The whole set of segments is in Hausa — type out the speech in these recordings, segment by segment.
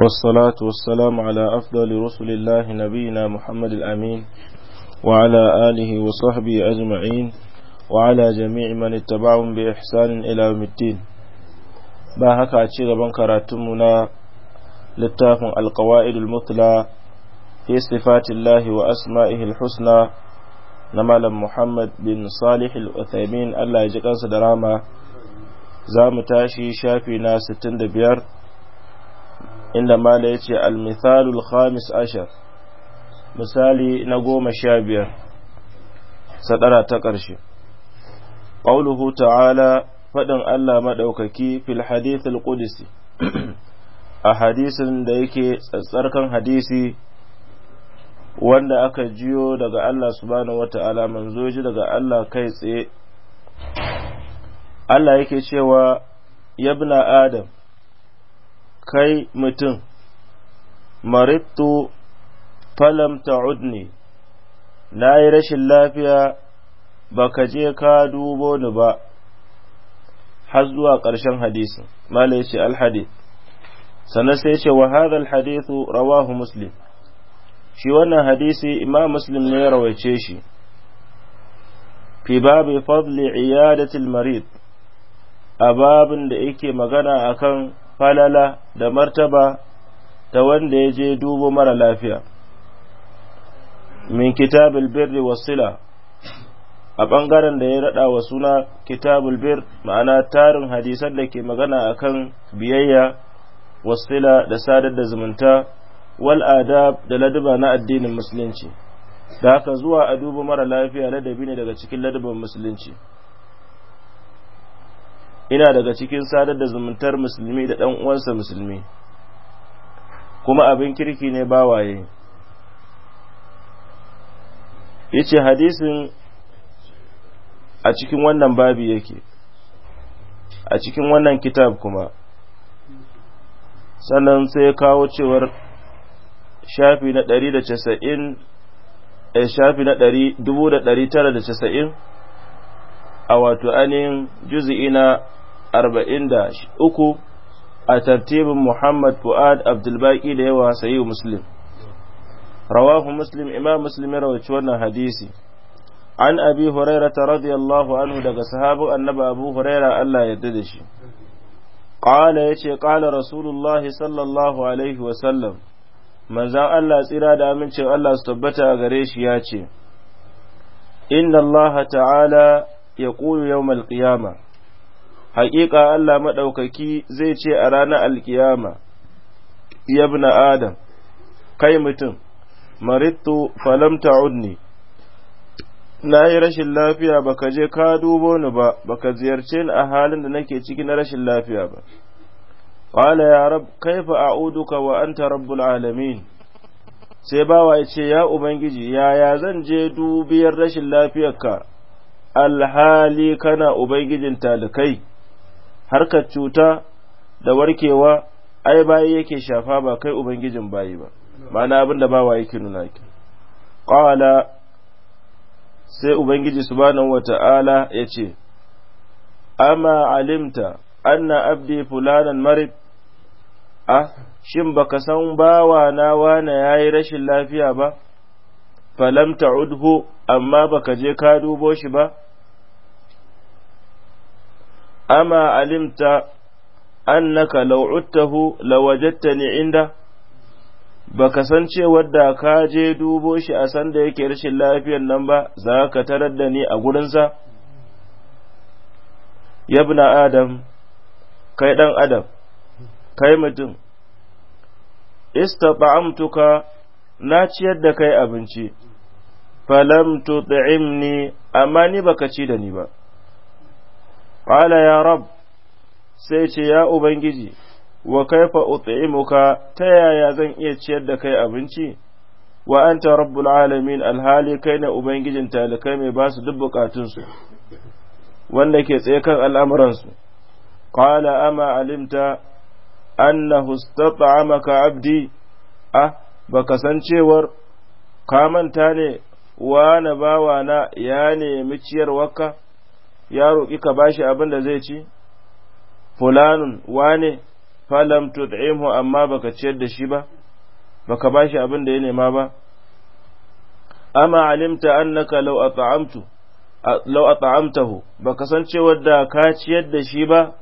والصلاة والسلام على أفضل رسل الله نبينا محمد الأمين وعلى آله وصحبه أجمعين وعلى جميع من اتبعهم بإحسان إلى يوم الدين ba haka a ci gaban karatunmu na littafin alkawa'idul mutla fi sifatillahi wa asma'ihil husna na malam muhammad bin salihul uthaymin allah ya ji kansa da rama za mu tashi shafi na da biyar. inda mala ya ce almithalul khamis ashar misali na goma sha biyar sadara ta ƙarshe ƙauluhu ta'ala faɗin Allah maɗaukaki fil hadithul ƙudisi a hadisin da yake tsarkan hadisi wanda aka jiyo daga Allah subhanahu wata'ala manzo ji daga Allah kai tsaye Allah yake cewa yabna adam kai mutum marittu falam ta'udni na yi rashin lafiya baka je ka dubo ni ba har zuwa ƙarshen hadisin mala alhadith sannan sai ce wa hadha rawahu muslim shi wannan hadisi imam muslim ne ya rawaice shi fi babu fadli iyadatul marid a babin da yake magana akan falala da martaba ta wanda ya je dubo mara lafiya min kitabul birri wasila a ɓangaren da ya raɗa wa suna kitabul bir ma'ana tarin hadisan da ke magana akan biyayya wasila da sadar da zumunta wal adab da ladaba na addinin musulunci da haka zuwa a duba mara lafiya ladabi ne daga cikin ladaban musulunci ina daga cikin sadar da zumuntar musulmi da ɗan uwansa musulmi kuma abin kirki ne bawaye yace hadisin a cikin wannan babi yake a cikin wannan kitab kuma sannan sai ya kawo cewar shafi na 190 da casa'in a eh, shafi na ɗari dubu da ɗari tara da casa'in a wato ainihin juzi'i na arba'in da uku a tartibin muhammad fu'ad abdulbaki da yawa sayi muslim rawahu muslim imam muslim ya rawaci wannan hadisi an abi hurairata radiyallahu anhu daga sahabu annaba abu huraira allah yarda da shi Ƙala ya ce, Ƙala Rasulullahi sallallahu Alaihi wasallam, manzan Allah tsira da amincin Allah su tabbata a gare shi ya ce, Inna Allah ta'ala ya ƙuyu yau ƙiyama. haƙiƙa Allah maɗaukaki zai ce a ranar alkiyama, Yabna Adam, kai mutum, marittu falam ta'udni, na yi rashin lafiya baka je ka dubo ni ba, baka ziyarce ni a halin da nake ciki na rashin lafiya ba. Ƙwala ya rab, kaifa uduka wa an rabbul alamin. Sai bawa ya ce, Ya Ubangiji, yaya zan je dubiyar rashin lafiyarka, alhali kana Ubangijin talikai. harkar cuta da warkewa ai bayi yake shafa ba kai ubangijin bayi ba ma'ana abin da bawa yake nuna ki qala sai ubangiji subhanahu wata'ala yace ce amma alimta anna abdi fulanan marid a shin baka san bawa na wane yayi rashin lafiya ba falam ta'udhu amma baka je ka dubo shi ba أما علمت أنك لو عدته لوجدتني عنده baka san cewar da ka je dubo shi a san da yake rashin lafiyar nan ba za ka tarar da ni a gurinsa yabna adam kai dan adam kai mutum istata'amtuka na ciyar da kai abinci falam ne, amma ni baka ci da ni ba qala ya rab sai ce ya ubangiji wa kaifa ut'imuka ta yaya zan iya ciyar da kai abinci wa anta rabbul alamin alhali kai na ubangijin talikai mai ba su duk bukatun su wanda ke tsaye kan al'amuran su qala ama alimta annahu istat'amaka abdi ah baka san cewar ka manta ne wa na na ya nemi ciyarwarka ya roƙi ka bashi abin da zai ci fulanun wane falam tud'imhu amma baka ciyar da shi ba baka bashi abin da ya nema ba amma alimta annaka law at'amtu law at'amtahu baka san cewa da ka ciyar da shi ba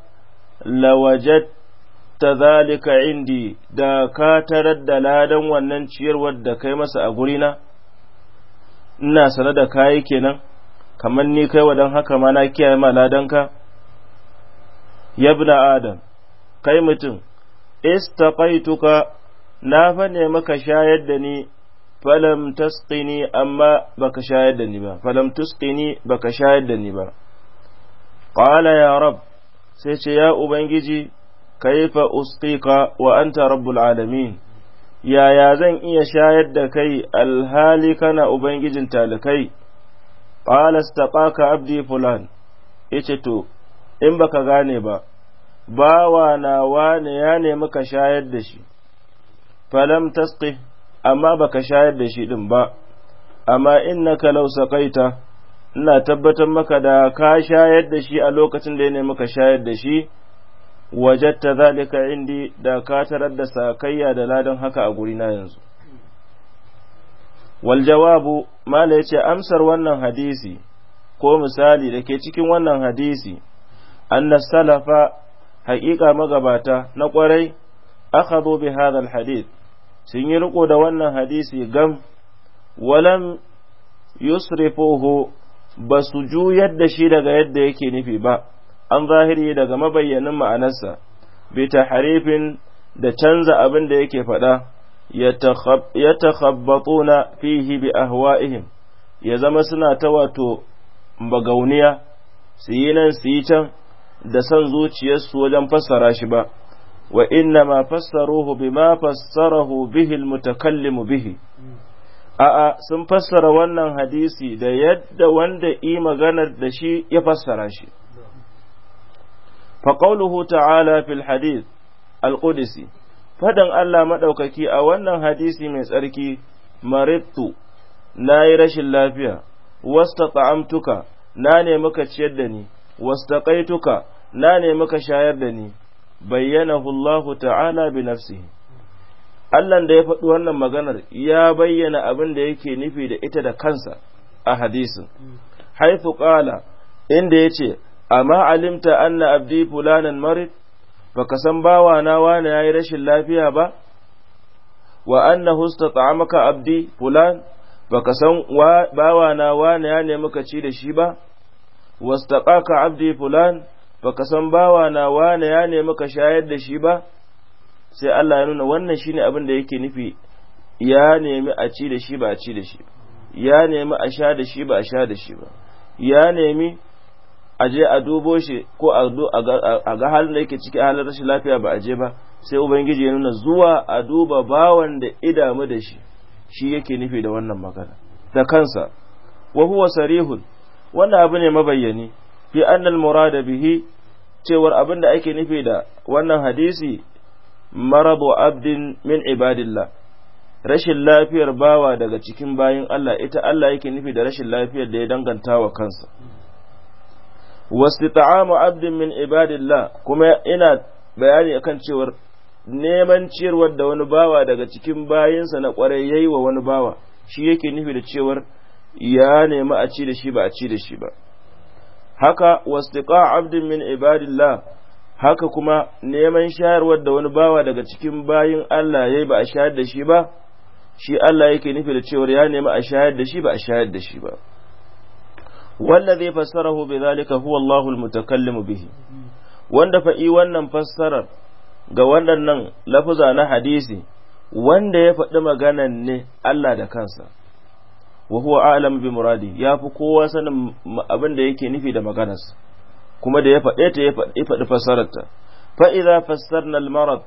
ta zalika indi da ka tarar da ladan wannan ciyarwar da kai masa a gurina ina sanar da kayi kenan kamar ni kai wa don haka ma na kiyaye ma ladanka yabna adam kai mutum istaqaituka na fa ne maka shayar da ni falam tasqini amma baka shayar da ni ba falam tusqini baka shayar da ni ba qala ya rab sai ce ya ubangiji kaifa usqika wa anta rabbul alamin yaya zan iya shayar da kai alhali kana ubangijin talikai qala istaqaka abdi fulan yace to in baka gane ba bawa na wane ya nemi ka shayar da shi falam tasqi amma baka shayar da shi din ba amma innaka law saqaita ina tabbatar maka da ka shayar da shi a lokacin da ya nemi ka shayar da shi wajatta zalika indi da ka tarar da sakayya da ladan haka a gurina yanzu waljawabu jawabu mala yace amsar wannan hadisi ko misali da ke cikin wannan hadisi anna salafa haƙiƙa magabata na ƙwarai akhadhu bi hadha al hadith sun yi riko da wannan hadisi gam walam yusrifuhu ba su juyar da shi daga yadda yake nufi ba an zahiri daga mabayyanin ma'anarsa bi taharifin da canza abin da yake faɗa Ya yatakhabbatuna fihi bi ahwa'ihim ya zama suna ta wato bagauniya su yi nan su yi can da san zuciyarsu wajen fassara shi ba wa inna ma fassaruhu bima fassarahu bihi almutakallimu bihi a'a sun fassara wannan hadisi da yadda wanda yi maganar da shi ya fassara shi fa qawluhu ta'ala fil hadith al-qudsi faɗin Allah maɗaukaki a wannan hadisi mai tsarki marittu na yi rashin lafiya wasta ta'amtuka na ne muka ciyar da ni wasta ƙaituka na ne muka shayar da ni bayyana Hullahu ta'ala bi nafsihi Allah da ya faɗi wannan maganar ya bayyana abin da yake nufi da ita da kansa a hadisin haifu ƙala inda ya ce amma alimta anna abdi fulanan marit ka san bawana na wani yayi rashin lafiya ba wa annahu istata'amaka abdi fulan ka san bawana na wani ya nemi ka ci da shi ba wastaqaka abdi fulan ka san bawana na wani ya nemi ka shayar da shi ba sai Allah ya nuna wannan shine abin da yake nufi ya nemi a ci da shi ba a ci da shi ya nemi a sha da shi ba a sha da shi ba ya nemi a je a dubo shi ko a ga halin da yake ciki a halin rashin lafiya ba a je ba sai ubangiji ya nuna zuwa a duba bawan da idamu da shi shi yake nufi da wannan magana da kansa wa huwa sarihun wannan abu ne mabayyani fi annal murada bihi cewar abin da ake nufi da wannan hadisi marabu abdin min ibadillah rashin lafiyar bawa daga cikin bayin Allah ita Allah yake nufi da rashin lafiyar da ya danganta wa kansa wastita'amu abdin min ibadillah kuma ina bayani akan cewar neman ciyarwar da wani bawa daga cikin bayinsa na kwarai yayi wa wani bawa shi yake nufi da cewar ya nemi a ci da shi ba a ci da shi ba haka wastiqa abdin min ibadillah haka kuma neman shayarwar da wani bawa daga cikin bayin Allah yayi ba a shayar da shi ba shi Allah yake nufi da cewar ya nemi a shayar da shi ba a shayar da shi ba wallazi fassarahu bidhalika huwa Allahul mutakallimu bihi wanda fa'i wannan fassarar ga waɗannan lafuza na hadisi wanda ya faɗi maganan ne Allah da kansa wa huwa a'lam bi muradi ya fi kowa sanin abin da yake nufi da maganar kuma da ya faɗe ta ya faɗi fassararta fa idza fassarna al-marad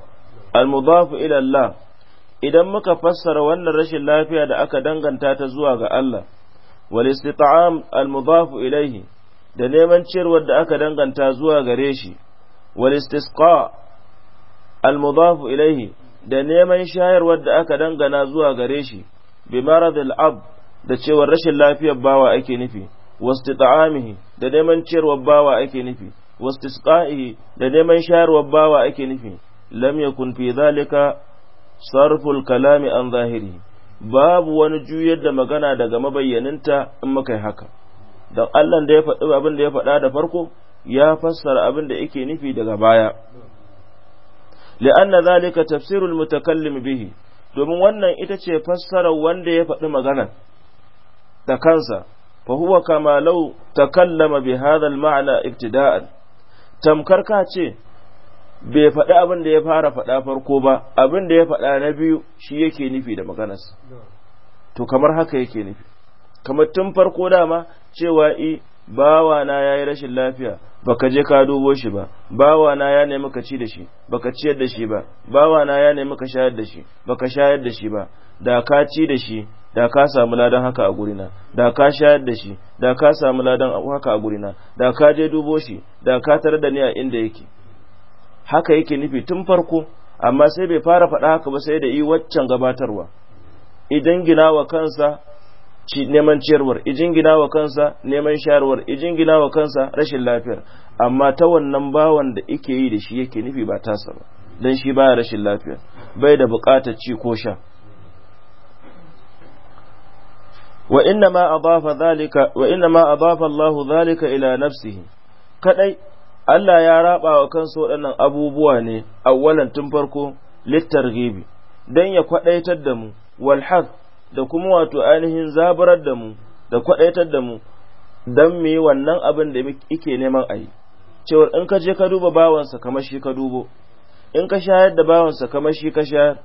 al-mudaf ila Allah idan muka fassara wannan rashin lafiya da aka danganta ta zuwa ga Allah wal istit'am al mudaf ilayhi da neman ciyarwar da aka danganta zuwa gare shi wal istisqa al mudaf ilayhi da neman shayarwar da aka dangana zuwa gare shi bi maradil ab da cewar rashin lafiyar bawa ake nufi wastita'amihi da neman ciyarwar bawa ake nufi wastisqa'ihi da neman shayarwar bawa ake nufi lam yakun fi dhalika sarful kalami an zahiri babu wani juyar da magana daga mabayyaninta in muka yi haka don Allah da ya faɗi abin da ya faɗa da farko ya fassara abin da yake nufi daga baya li'anna zalika tafsirul mutakallim bihi domin wannan ita ce fassarar wanda ya faɗi magana da kansa fa huwa kama law takallama bi hadha al-ma'na ibtida'an tamkar ka ce bai faɗi abin da ya fara faɗa farko ba abin da ya faɗa na biyu shi yake nufi da maganas. to kamar haka yake nufi kamar tun farko dama cewa i bawana ya yi rashin lafiya baka je ka dubo shi ba bawana ya nemi ka ci da shi baka ciyar da shi ba bawana ya nemi ka shayar da shi baka shayar da shi ba da ka ci da shi da ka samu ladan haka a gurina da ka shayar da shi da ka samu ladan haka a gurina da ka je dubo shi da ka tarar da ni a inda yake haka yake nufi tun farko amma sai bai fara faɗa haka ba sai da yi waccan gabatarwa idan gina wa kansa neman ciyarwar ijin gina wa kansa neman shayarwar ijin gina wa kansa rashin lafiyar amma ta wannan bawan da ike yi da shi yake nufi ba tasa ba don shi baya rashin lafiyar. bai da buƙatar ci ko sha wa inna ma adafa zalika wa inna ma adafa Allahu zalika ila nafsihi kadai Allah ya raba wa kansu waɗannan abubuwa ne awwalan tun farko Littar gibi. dan ya kwadaitar da mu wal da kuma wato ainihin zabarar da mu da kwadaitar da mu dan me wannan abin da yake neman ayi cewar in ka je ka duba bawansa kamar shi ka dubo in ka shayar da bawansa kamar shi ka shayar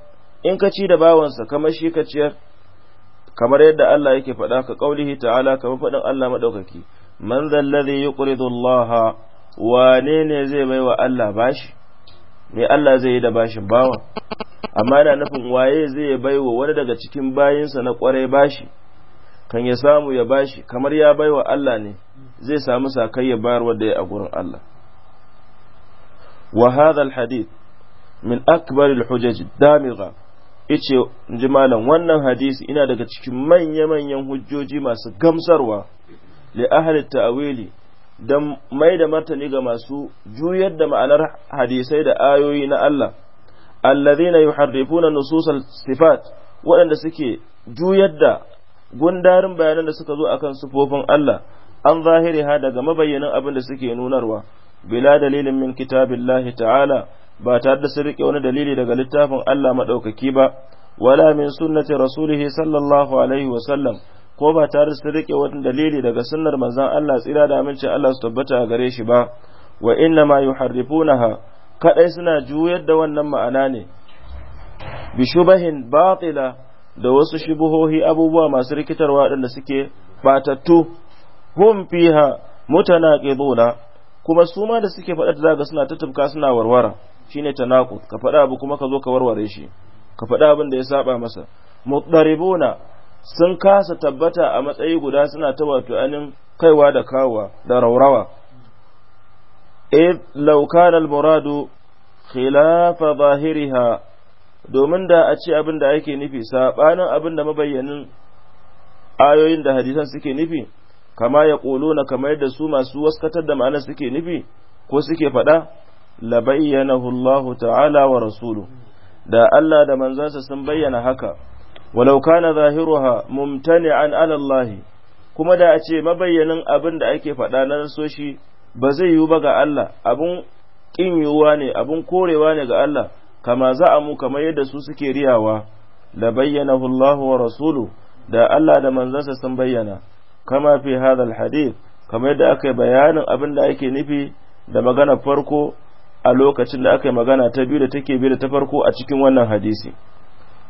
in ka ci da bawansa kamar shi ka ciyar kamar yadda Allah yake faɗa ka kaulihi ta'ala kamar faɗin Allah madaukaki man zal yuqridu Allah wane ne zai mai wa Allah bashi me Allah zai yi da bashin bawa amma da nufin waye zai bai wa wani daga cikin bayinsa na kwarai bashi kan ya samu ya bashi kamar ya bai wa Allah ne zai samu sakai ya bayar wadda ya a gurin Allah wa hadha hadith min akbar alhujaj damigha ice inji malam wannan hadisi ina daga cikin manya-manyan hujjoji masu gamsarwa li ahli ta'wili da mai da martani ga masu juyar da ma'anar hadisai da ayoyi na Allah allazina yuharrifuna nususal sifat waɗanda suke juyar da gundarin bayanan da suka zo akan sufofin Allah an zahiri ha daga mabayyanin abin da suke nunarwa bila dalilin min kitabillahi ta'ala ba tare da su rike wani dalili daga littafin Allah madaukaki ba wala min sunnati rasulihi sallallahu alaihi wa sallam ko ba tare su rike wani dalili daga sunnar manzon Allah tsira da aminci Allah su tabbata a gare shi ba wa inna ma yuharrifunaha kadai suna juyar da wannan ma'ana ne bi shubahin batila da wasu shubuhohi abubuwa masu rikitarwa waɗanda suke batattu hum fiha mutanaqiduna kuma su ma da suke faɗa zaga suna tutubka suna warwara shine tanaqud ka faɗa abu kuma ka zo ka warware shi ka faɗa abin da ya saba masa mudaribuna sun kasa tabbata a matsayi guda suna ta wato anin kaiwa da kawa da raurawa e law kana al-muradu khilafa zahiriha domin da a ce abin da ake nufi sabanin abin da mabayyanin ayoyin da hadisan suke nufi kama ya na kamar da su masu waskatar da ma'anar suke nufi ko suke faɗa labayyana Hullahu Allah ta'ala wa rasulu da Allah da manzansa sun bayyana haka walau kana zahiruha mumtani'an an alallahi kuma da a ce mabayyanin abin da ake faɗa na nasoshi ba zai yiwu ba ga Allah Abun ƙin yiwuwa ne Abun korewa ne ga Allah kama za a mu kamar yadda su suke riyawa la bayyanahu Hullahu wa rasulu da Allah da manzansa sun bayyana kama fi hadal hadith kamar yadda aka yi bayanin abin da ake nufi da magana farko a lokacin da aka yi magana ta biyu da take biyu da ta farko a cikin wannan hadisi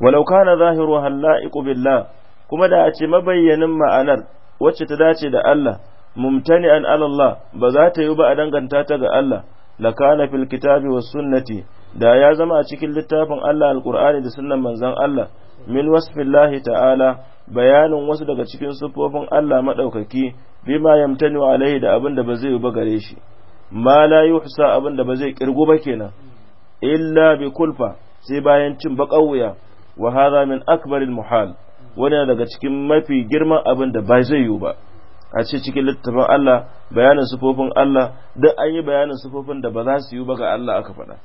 walau kana zahiru hallaiqu billah kuma da a ce mabayyanin ma'anar wacce ta dace da Allah mumtani an Allah ba za ta yi ba a danganta ta ga Allah la kana fil kitabi was sunnati da ya zama a cikin littafin Allah alqur'ani da sunnan manzon Allah min wasfillahi ta'ala bayanin wasu daga cikin sifofin Allah madaukaki bima yamtani alaihi da abin da ba zai ba gare shi ma la yuhsa abin da ba zai kirgu ba kenan illa bi kulfa sai bayan cin wuya. wa hadha min akbaril muhal wani daga cikin mafi girman abin da ba zai yiwu ba a ce cikin littafin Allah bayanin sufofin Allah duk an yi bayanin sufofin da ba za su yi ba ga Allah aka faɗa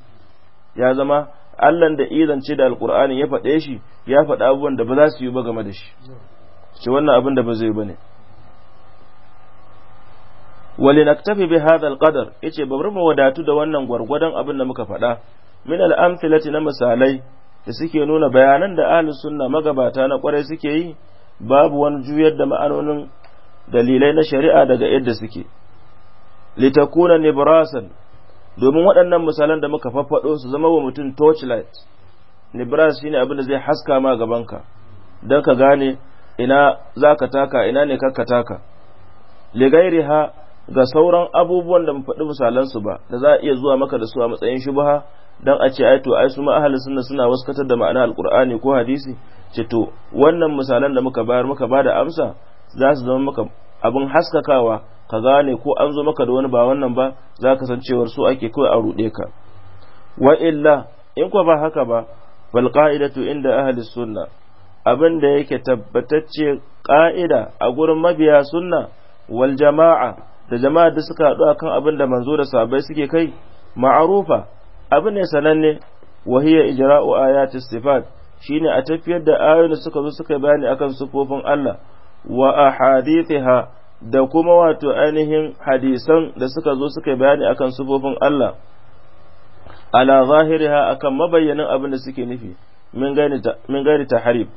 ya zama Allahn da izance da alkur'ani ya faɗe shi ya faɗa abubuwan da ba za su yi ba game da shi ce wannan abin da ba zai ba ne wali naktafi bi hadha qadar yace babar mu wadatu da wannan gwargwadon abin da muka faɗa min al'amthilati na misalai da suke nuna bayanan da ahli sunna magabata na kwarai suke yi babu wani juyar da ma'anonin dalilai na shari'a daga yadda suke litakuna nibrasan domin waɗannan misalan da muka faffaɗo su zama wa mutum torchlight nibras shine abin da zai haska ma gabanka don ka gane ina za ka taka ina ne ka taka ligairi ha ga sauran abubuwan da mu faɗi misalansu ba da za a iya zuwa maka da su a matsayin shubha dan a ce ai to ai su ma sunna suna waskatar da ma'ana alqur'ani ko hadisi ce to wannan misalan da muka bayar muka bada amsa za su zama maka abin haskakawa ka gane ko an zo maka da wani ba wannan ba za ka san cewar su ake kawai a ruɗe ka wa illa in kuwa ba haka ba bal qa'idatu inda ahli sunna abin da yake tabbatacce qa'ida a gurin mabiya sunna wal jama'a da jama'a da suka haɗu akan abin da manzo da sahabbai suke kai ma'arufa abu ne sananne wahiya ijra'u ayati sifat shine a tafiyar da ayoyin suka zo suka bayani akan sifofin Allah wa ahadithiha da kuma wato ainihin hadisan da suka zo suka bayani akan sifofin Allah ala zahiriha akan mabayyanin abin da suke nufi min gani taharib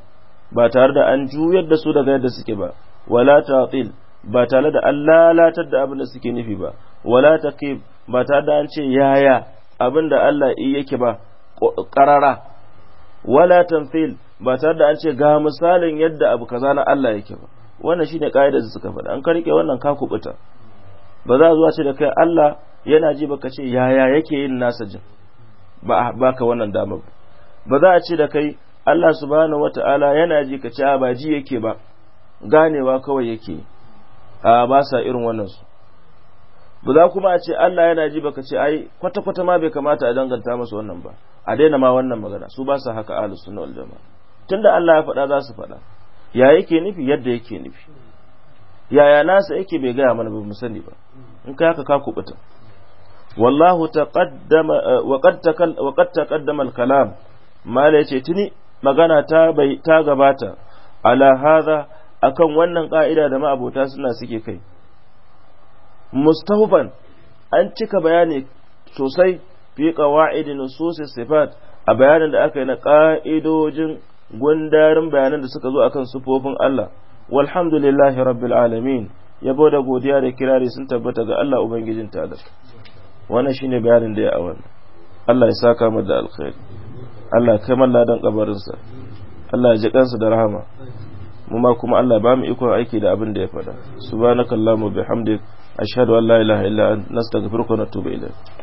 ba tare da an juyar da su daga yadda suke ba wala ta'til ba tare da an lalatar da abin da suke nufi ba wala taqib ba tare da an ce yaya abin da Allah iya yake ba ƙarara wala tamthil ba tare da an ce ga misalin yadda abu kaza na Allah yake ba wannan shine kaidar da suka faɗa an karke wannan ka kubuta ba za zuwa ce da kai Allah yana ji baka ce yaya yake yin nasa jin ba baka wannan dama ba ba za a ce da kai Allah subhanahu wata'ala yana ji ka ce ba ji yake ba ganewa kawai yake a ba sa irin wannan su ba za kuma a ce Allah yana ji baka ce ai kwata kwata ma bai kamata a danganta masa wannan ba a daina ma wannan magana su ba su haka ahlus sunna wal jamaa tunda Allah ya faɗa za su faɗa ya yake nufi yadda yake nufi yaya nasa yake bai gaya mana ba mu sani ba in kai haka ka kubuta wallahu taqaddama eh, wa qad wa qad taqaddama al kalam mala yace tuni magana ta bai ta gabata ala hadha akan wannan ka'ida da ma'abota suna suke kai mustahfan an cika bayani sosai fi qawaid nusus sifat a bayanin da aka yi na ka'idojin gundarin bayanan da suka zo akan sifofin Allah walhamdulillahi rabbil alamin yabo da godiya da kirari sun tabbata ga Allah ubangijin talar wannan shine bayanin da ya a wannan Allah ya saka mu da alkhair Allah ya kai malla dan kabarinsa Allah ya ji kansa da rahama mu ma kuma Allah ba mu iko aiki da abin da ya faɗa subhanakallahumma bihamdika أشهد أن لا إله إلا أنت نستغفرك ونتوب إليك